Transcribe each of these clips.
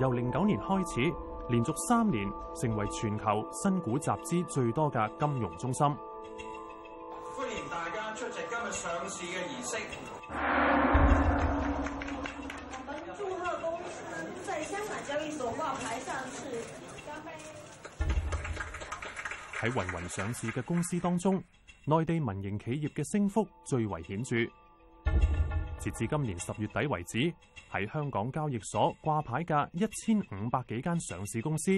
由零九年開始，連續三年成為全球新股集資最多嘅金融中心。歡迎大家出席今日上市嘅儀式。嗯、祝賀公司在香港交易所掛牌上市，乾杯！喺芸芸上市嘅公司當中，內地民營企業嘅升幅最為顯著。截至今年十月底為止，喺香港交易所掛牌嘅一千五百幾間上市公司，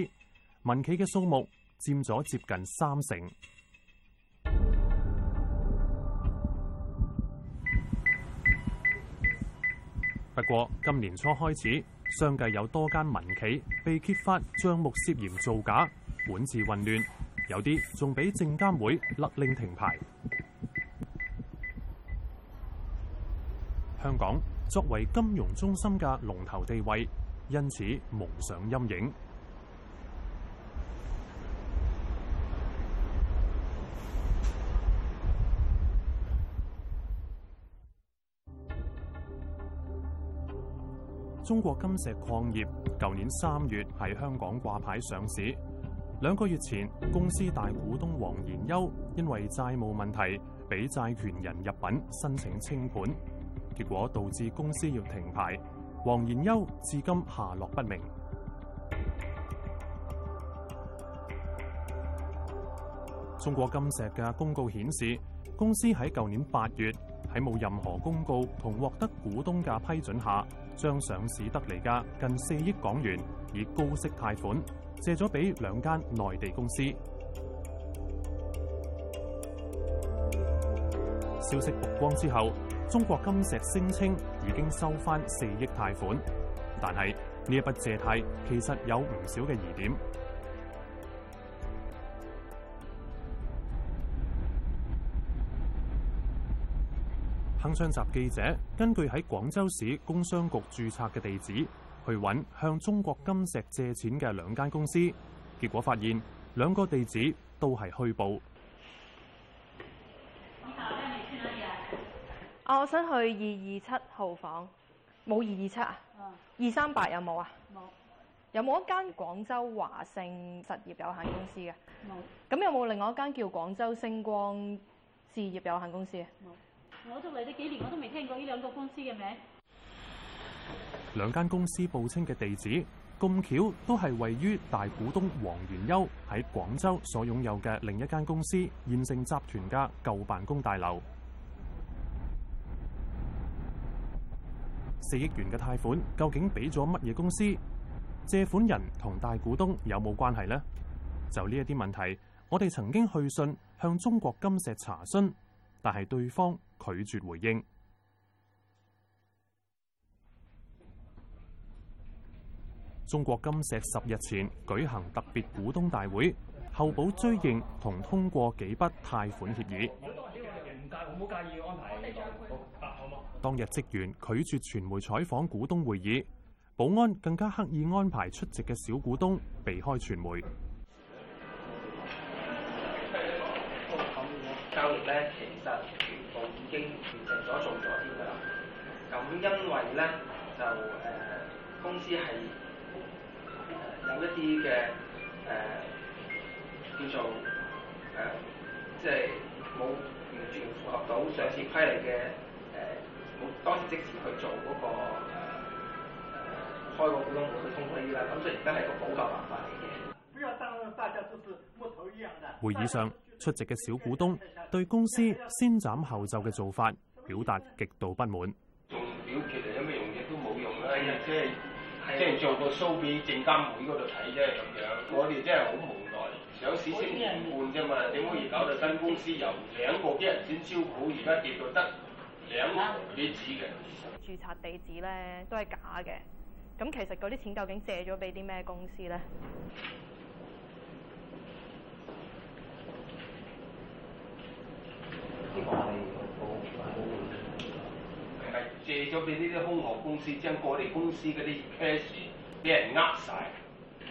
民企嘅數目占咗接近三成。不過，今年初開始，相繼有多間民企被揭發賬目涉嫌造假、管治混亂，有啲仲俾證監會勒令停牌。香港作為金融中心嘅龍頭地位，因此蒙上陰影。中國金石礦業舊年三月喺香港掛牌上市，兩個月前公司大股東黃賢優因為債務問題，俾債權人入稟申請清盤。結果導致公司要停牌，黃賢優至今下落不明。中國金石嘅公告顯示，公司喺舊年八月喺冇任何公告同獲得股東嘅批准下，將上市得嚟嘅近四億港元以高息貸款借咗俾兩間內地公司。消息曝光之後，中國金石聲稱已經收返四億貸款，但係呢一筆借貸其實有唔少嘅疑點。鏗 鏘集記者根據喺廣州市工商局註冊嘅地址去揾向中國金石借錢嘅兩間公司，結果發現兩個地址都係虛報。我想去二二七號房，冇二二七啊，二三八有冇啊？冇。有冇一間廣州華盛實業有限公司嘅？冇。咁有冇另外一間叫廣州星光事業有限公司？冇、no.。我都嚟咗幾年，我都未聽過呢兩個公司嘅名。兩間公司報稱嘅地址咁巧都係位於大股東黃元丘，喺廣州所擁有嘅另一間公司現盛集團嘅舊辦公大樓。四億元嘅貸款究竟俾咗乜嘢公司？借款人同大股東有冇關係呢？就呢一啲問題，我哋曾經去信向中國金石查詢，但係對方拒絕回應。中國金石十日前舉行特別股東大會，候補追認同通過幾筆貸款協議。如果多人大，冇介意安排。當日職員拒絕傳媒採訪股東會議，保安更加刻意安排出席嘅小股東避開傳媒，嗯。咁交易咧，其實全部已經完成咗做咗添㗎啦。咁因為咧，就誒、呃、公司係、呃、有一啲嘅誒叫做誒、呃，即係冇完全符合到上市規例嘅。當時即時去做嗰個誒誒開個股東會去通知依啦，咁所以而家係個補救辦法嚟嘅。會議上出席嘅小股東對公司先斬後奏嘅做法表達極度不滿。仲表，其實有咩用，嘢都冇用啦，即係即係做個 show 俾證監會嗰度睇啫咁樣，我哋真係好無奈，有時事先換啫嘛，點可以搞到新公司由兩個幾人先招股，而家跌到得，得？兩間嗰啲紙嘅註冊地址咧都係假嘅，咁其實嗰啲錢究竟借咗俾啲咩公司咧？啲外地外保係咪借咗俾呢啲空殼公司，將我哋公司嗰啲 cash 俾人呃晒。誒、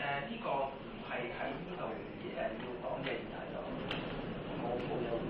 啊，呢、呢個唔係喺呢度誒要講嘅問題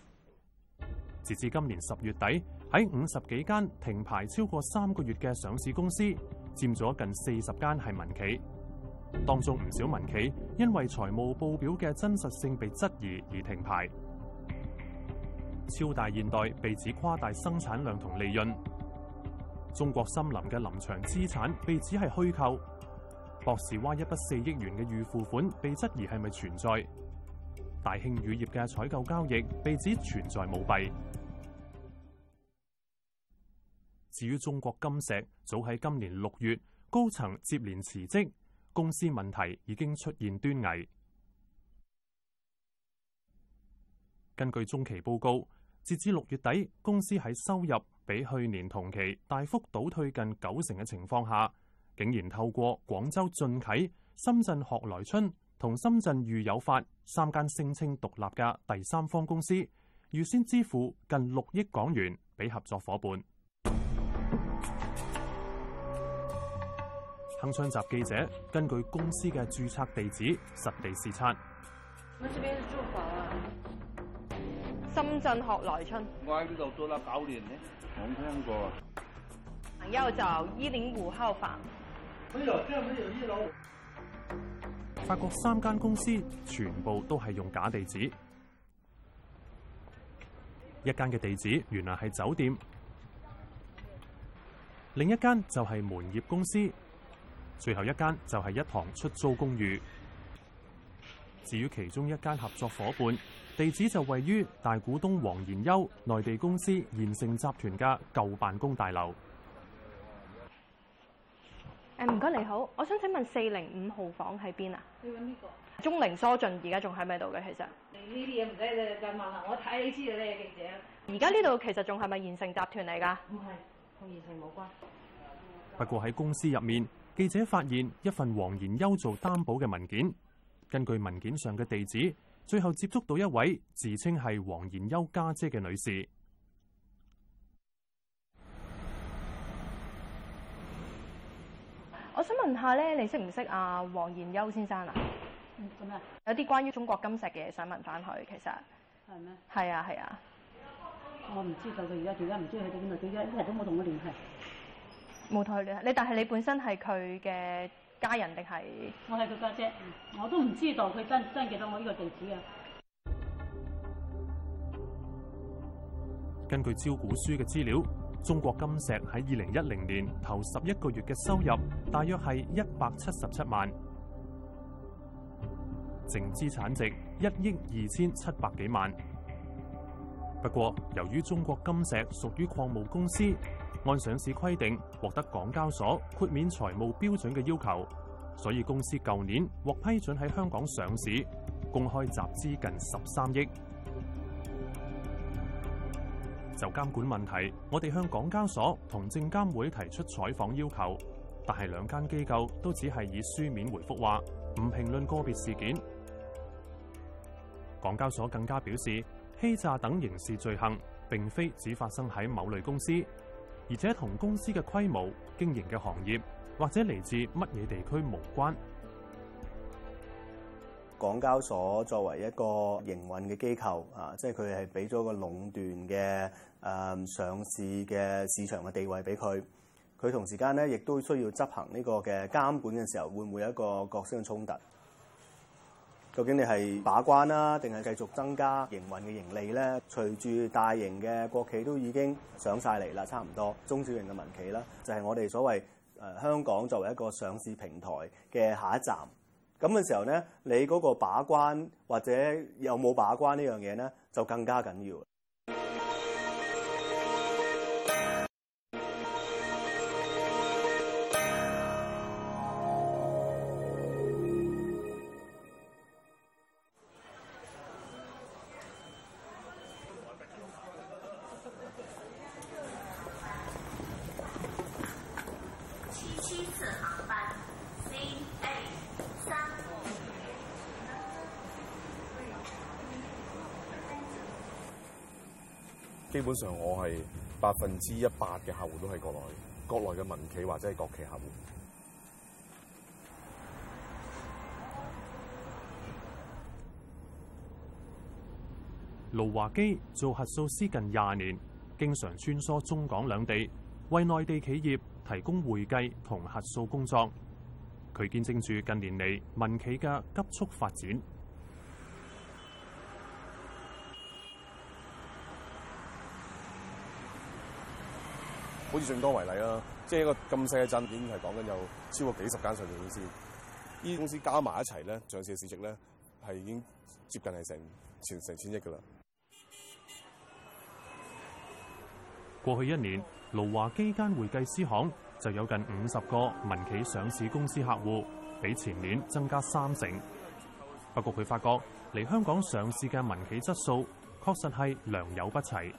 直至今年十月底，喺五十幾間停牌超過三個月嘅上市公司，佔咗近四十間係民企，當中唔少民企因為財務報表嘅真實性被質疑而停牌。超大現代被指誇大生產量同利潤，中國森林嘅林場資產被指係虛構，博士蛙一筆四億元嘅預付款被質疑係咪存在。大興乳業嘅採購交易被指存在舞弊。至於中國金石，早喺今年六月高層接連辭職，公司問題已經出現端倪。根據中期報告，截至六月底，公司喺收入比去年同期大幅倒退近九成嘅情況下，竟然透過廣州進啟、深圳學來春。同深圳御有法三間聲稱獨立嘅第三方公司預先支付近六億港元俾合作夥伴。鏗鏘集記者根據公司嘅註冊地址實地視察。深圳學來春。我喺呢度做咗九年咧，冇聽過。要找一零五號房。沒有，有一樓。發覺三間公司全部都係用假地址，一間嘅地址原來係酒店，另一間就係門業公司，最後一間就係一堂出租公寓。至於其中一間合作伙伴，地址就位於大股東黃賢優內地公司賢盛集團嘅舊辦公大樓。誒唔該，你好，我想請問四零五號房喺邊啊？要揾呢個。鐘靈疏浚而家仲喺唔喺度嘅？其實。你呢啲嘢唔使你再問啦，我睇你知嘅呢，記者。而家呢度其實仲係咪現成集團嚟㗎？唔係，同現成冇關。不過喺公司入面，記者發現一份黃賢優做擔保嘅文件。根據文件上嘅地址，最後接觸到一位自稱係黃賢優家姐嘅女士。我想問下咧，你認不認識唔識阿黃賢優先生啊？做咩？有啲關於中國金石嘅嘢想問翻佢，其實係咩？係啊，係啊。我唔知道佢而家點解唔知佢點啊？點解一直都冇同佢聯繫？冇同佢聯繫。你但係你本身係佢嘅家人定係？我係佢家姐，我都唔知道佢真真記得我呢個地址啊。根據招股書嘅資料。中國金石喺二零一零年頭十一個月嘅收入大約係一百七十七萬，淨資產值一億二千七百幾萬。不過，由於中國金石屬於礦務公司，按上市規定獲得港交所豁免財務標準嘅要求，所以公司舊年獲批准喺香港上市，公開集資近十三億。就監管問題，我哋向港交所同證監會提出採訪要求，但係兩間機構都只係以書面回覆話唔評論個別事件。港交所更加表示，欺詐等刑事罪行並非只發生喺某類公司，而且同公司嘅規模、經營嘅行業或者嚟自乜嘢地區無關。港交所作為一個營運嘅機構啊，即係佢係俾咗個壟斷嘅誒、嗯、上市嘅市場嘅地位俾佢。佢同時間咧，亦都需要執行呢個嘅監管嘅時候，會唔會有一個角色嘅衝突？究竟你係把關啦，啊，定係繼續增加營運嘅盈利咧？隨住大型嘅國企都已經上晒嚟啦，差唔多中小型嘅民企啦，就係、是、我哋所謂誒、呃、香港作為一個上市平台嘅下一站。咁嘅時候呢，你嗰個把關或者有冇把關呢樣嘢呢，就更加緊要。基本上我係百分之一百嘅客戶都係國內國內嘅民企或者係國企客戶。盧華基做核數師近廿年，經常穿梭中港兩地，為內地企業提供會計同核數工作。佢見證住近年嚟，民企嘅急速發展。好似最多為例啦，即係一個咁細嘅鎮，已經係講緊有超過幾十間上市公司。呢啲公司加埋一齊咧，上市市值咧，係已經接近係成成，成，成千億嘅啦。過去一年，盧華基間會計師行就有近五十個民企上市公司客戶，比前年增加三成。不過佢發覺，嚟香港上市嘅民企質素確實係良莠不齊。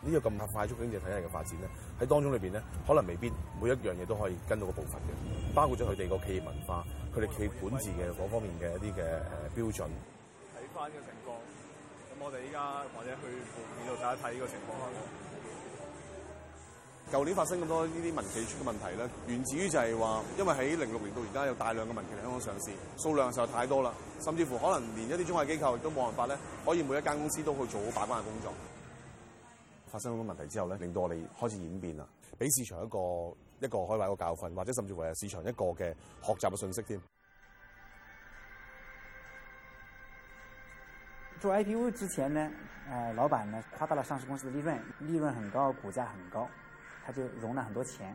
呢個咁快速經濟體系嘅發展咧，喺當中裏邊咧，可能未必每一樣嘢都可以跟到個步伐嘅，包括咗佢哋個企業文化、佢哋企業管治嘅嗰方面嘅一啲嘅誒標準。睇翻呢個情況，咁我哋依家或者去面對到大家睇呢個情況啦。舊年發生咁多呢啲民企出嘅問題咧，源自於就係話，因為喺零六年到而家有大量嘅民企嚟香港上市，數量實在太多啦，甚至乎可能連一啲中介機構亦都冇辦法咧，可以每一間公司都去做好把關嘅工作。發生好多問題之後咧，令到我哋開始演變啊，俾市場一個一個開懷個教訓，或者甚至乎係市場一個嘅學習嘅信息添。做 IPO 之前呢，誒老闆呢誇大了上市公司的利潤，利潤很高，股價很高，他就融了很多錢。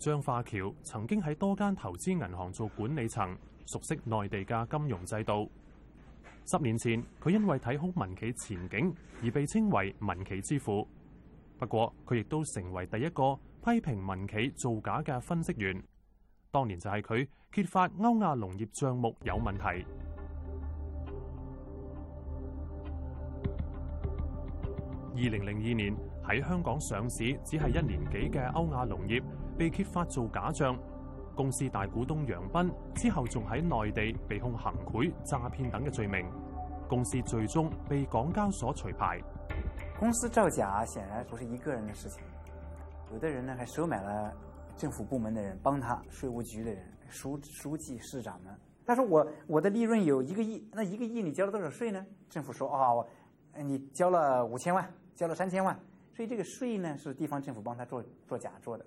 張化橋曾經喺多間投資銀行做管理層，熟悉內地嘅金融制度。十年前，佢因為睇好民企前景而被稱為民企之父。不過，佢亦都成為第一個批評民企造假嘅分析員。當年就係佢揭發歐亞農業賬目有問題。二零零二年喺香港上市，只係一年幾嘅歐亞農業被揭發做假賬，公司大股東楊斌之後仲喺內地被控行賄、詐騙等嘅罪名，公司最終被港交所除牌。公司造假顯然不是一個人的事情，有的人呢還收買了政府部門的人幫他，幫他稅務局的人、書書記、市長呢，他說我：我我的利潤有一個億，那一個億你交了多少稅呢？政府說：啊、哦，你交了五千萬，交了三千萬，所以這個稅呢是地方政府幫他做做假做的。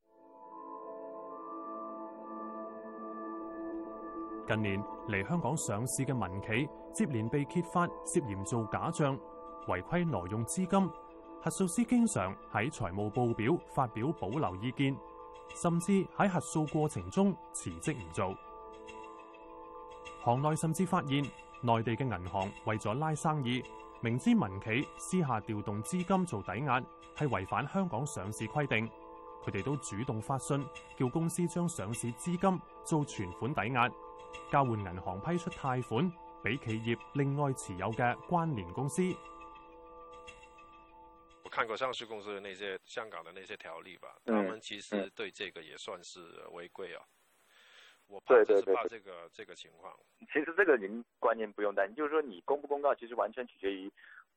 近年嚟，香港上市嘅民企接連被揭發涉嫌做假賬、違規挪用資金，核數師經常喺財務報表發表保留意見，甚至喺核數過程中辭職唔做。行內甚至發現內地嘅銀行為咗拉生意，明知民企私下調動資金做抵押，係違反香港上市規定，佢哋都主動發信叫公司將上市資金做存款抵押。交換銀行批出貸款俾企業另外持有嘅關聯公司。我看過上市公司嘅那些香港嘅那些條例吧？嗯，他們其實對這個也算是違規啊。我怕就是怕這個對對對對，這個情況。其實這個您觀念不用擔心，就是說你公不公告，其實完全取決於。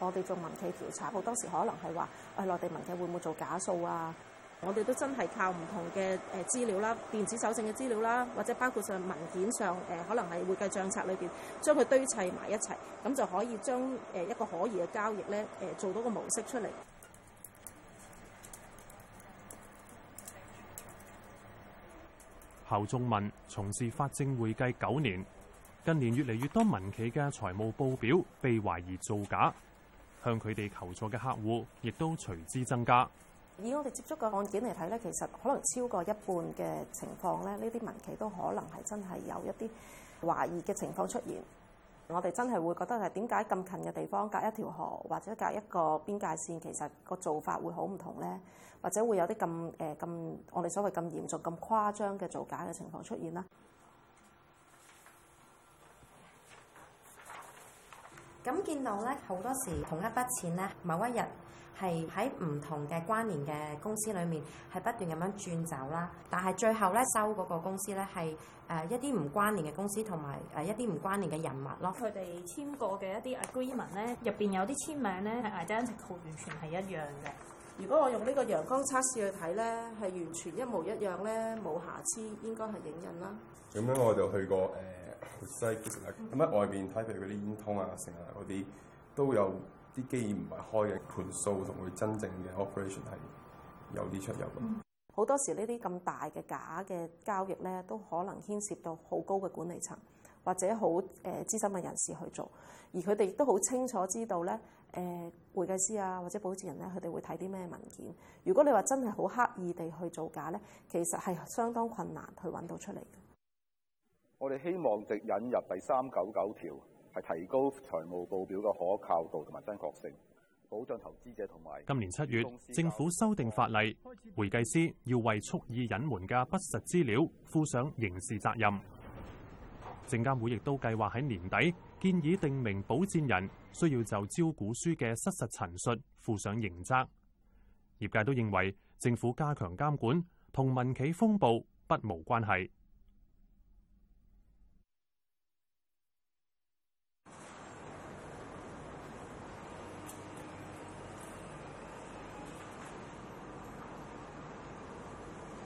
我哋做民企調查，好多時可能係話，誒、哎，內地民企會唔會做假數啊？我哋都真係靠唔同嘅誒資料啦，電子搜證嘅資料啦，或者包括上文件上誒，可能係會計帳冊裏邊將佢堆砌埋一齊，咁就可以將誒一個可疑嘅交易咧誒，做到個模式出嚟。侯仲文從事法證會計九年，近年越嚟越多民企嘅財務報表被懷疑造假。向佢哋求助嘅客戶，亦都隨之增加。以我哋接觸嘅案件嚟睇咧，其實可能超過一半嘅情況咧，呢啲民企都可能係真係有一啲懷疑嘅情況出現。我哋真係會覺得係點解咁近嘅地方隔一條河，或者隔一個邊界線，其實個做法會好唔同咧，或者會有啲咁誒咁我哋所謂咁嚴重、咁誇張嘅造假嘅情況出現啦。咁見到咧，好多時同一筆錢咧，某一日係喺唔同嘅關聯嘅公司裏面，係不斷咁樣轉走啦。但係最後咧，收嗰個公司咧係誒一啲唔關聯嘅公司同埋誒一啲唔關聯嘅人物咯。佢哋簽過嘅一啲 agreement 咧，入邊有啲簽名咧係 identical，完全係一樣嘅。如果我用呢個陽光測試去睇咧，係完全一模一樣咧，冇瑕疵，應該係影印啦。咁樣我就去過誒。呃咁喺外邊睇，譬如嗰啲煙通啊、成啊嗰啲，都有啲機器唔係開嘅盤數，同佢真正嘅 operation 係有啲出入嘅。好、嗯、多時呢啲咁大嘅假嘅交易咧，都可能牽涉到好高嘅管理層或者好誒、呃、資深嘅人士去做，而佢哋亦都好清楚知道咧，誒、呃、會計師啊或者保薦人咧，佢哋會睇啲咩文件。如果你話真係好刻意地去做假咧，其實係相當困難去揾到出嚟。我哋希望直引入第三九九條，係提高財務報表嘅可靠度同埋真確性，保障投資者同埋。今年七月，政府修訂法例，會計師要為蓄意隱瞞嘅不實資料負上刑事責任。證監會亦都計劃喺年底建議定明保薦人需要就招股書嘅失實陳述負上刑責。業界都認為政府加強監管同民企風暴不無關係。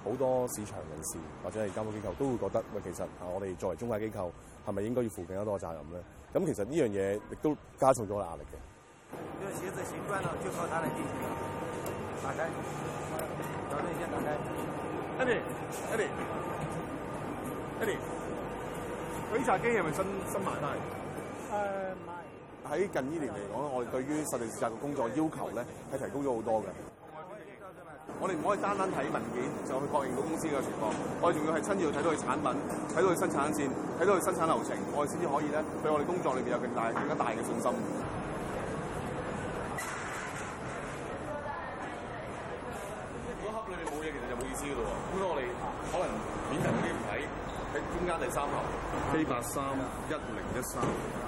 好多市場人士或者係監管機構都會覺得，喂，其實啊，我哋作為中介機構，係咪應該要負更加多嘅責任咧？咁其實呢樣嘢亦都加重咗壓力嘅。開啲，開啲，開啲。洗茶機係咪新新買㗎？誒喺近呢年嚟講，我哋對於實地視察嘅工作要求咧，係提高咗好多嘅。我哋唔可以單單睇文件就去確認個公司嘅情況，我哋仲要係親自去睇到佢產品，睇到佢生產線，睇到佢生產流程，我哋先至可以咧對我哋工作裏面有更大更加大嘅信心。如果盒裏面冇嘢，其實就冇意思嘅咯喎。咁我哋可能免提機唔睇喺中間第三行 A 八三一零一三。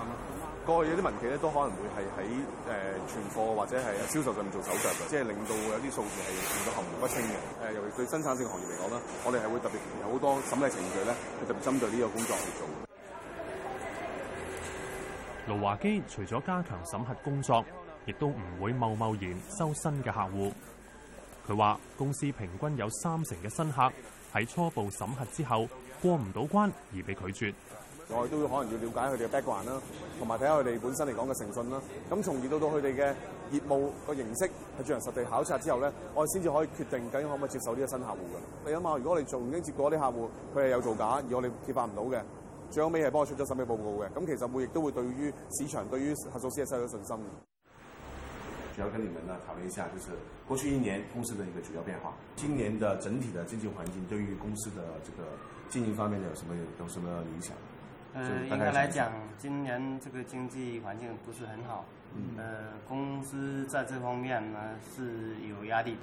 我有啲民企咧，都可能會係喺誒存貨或者係銷售上面做手腳嘅，即係令到有啲數字係變到含糊不清嘅。誒，尤其對生產性行業嚟講啦，我哋係會特別有好多審理程序咧，係特別針對呢個工作去做。盧華基除咗加強審核工作，亦都唔會貿貿然收新嘅客戶。佢話公司平均有三成嘅新客喺初步審核之後過唔到關而被拒絕。我哋都可能要了解佢哋嘅 background 啦，同埋睇下佢哋本身嚟講嘅誠信啦。咁從而到到佢哋嘅業務個形式，係進行實地考察之後咧，我哋先至可以決定究竟可唔可以接受呢個新客戶嘅。你諗下，如果你曾經接過一啲客戶，佢係有造假而我哋揭發唔到嘅，最後尾係幫我出咗審計報告嘅。咁其實我亦都會對於市場對於核數師係失去信心嘅。主要跟你們呢討論一下，就是過去一年公司嘅一個主要變化。今年嘅整體嘅經濟環境對於公司嘅這個經營方面有什麼有什麼影響？呃，應該來講，今年這個經濟環境不是很好，呃，公司在這方面呢是有壓力。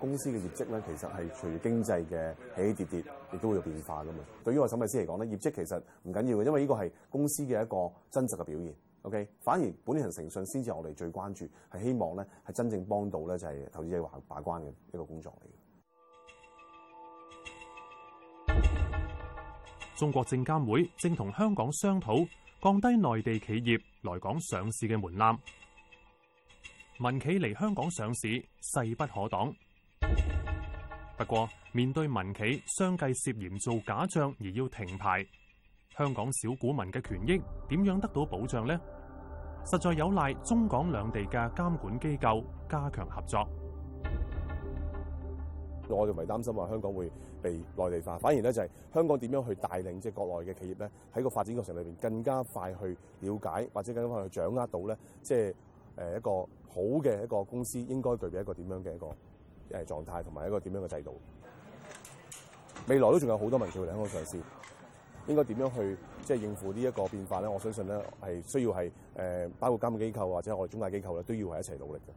公司嘅業績咧，其實係隨經濟嘅起起跌跌，亦都會有變化噶嘛。對於我審計師嚟講咧，業績其實唔緊要嘅，因為呢個係公司嘅一個真實嘅表現。OK，反而本人誠信先至我哋最關注，係希望咧係真正幫到咧就係投資者把把關嘅一個工作嚟。中國證監會正同香港商討降低內地企業來港上市嘅門檻，民企嚟香港上市勢不可擋。不過，面對民企相繼涉嫌做假賬而要停牌，香港小股民嘅權益點樣得到保障呢？實在有賴中港兩地嘅監管機構加強合作。我哋唔係擔心話香港會被內地化，反而咧就係香港點樣去帶領即係國內嘅企業咧，喺個發展過程裏邊更加快去了解或者更加快去掌握到咧，即係誒一個好嘅一個公司應該具備一個點樣嘅一個誒狀態同埋一個點樣嘅制度。未來都仲有好多民企嚟香港上市，應該點樣去即係應付呢一個變化咧？我相信咧係需要係誒包括監管機構或者我哋中介機構咧都要係一齊努力嘅。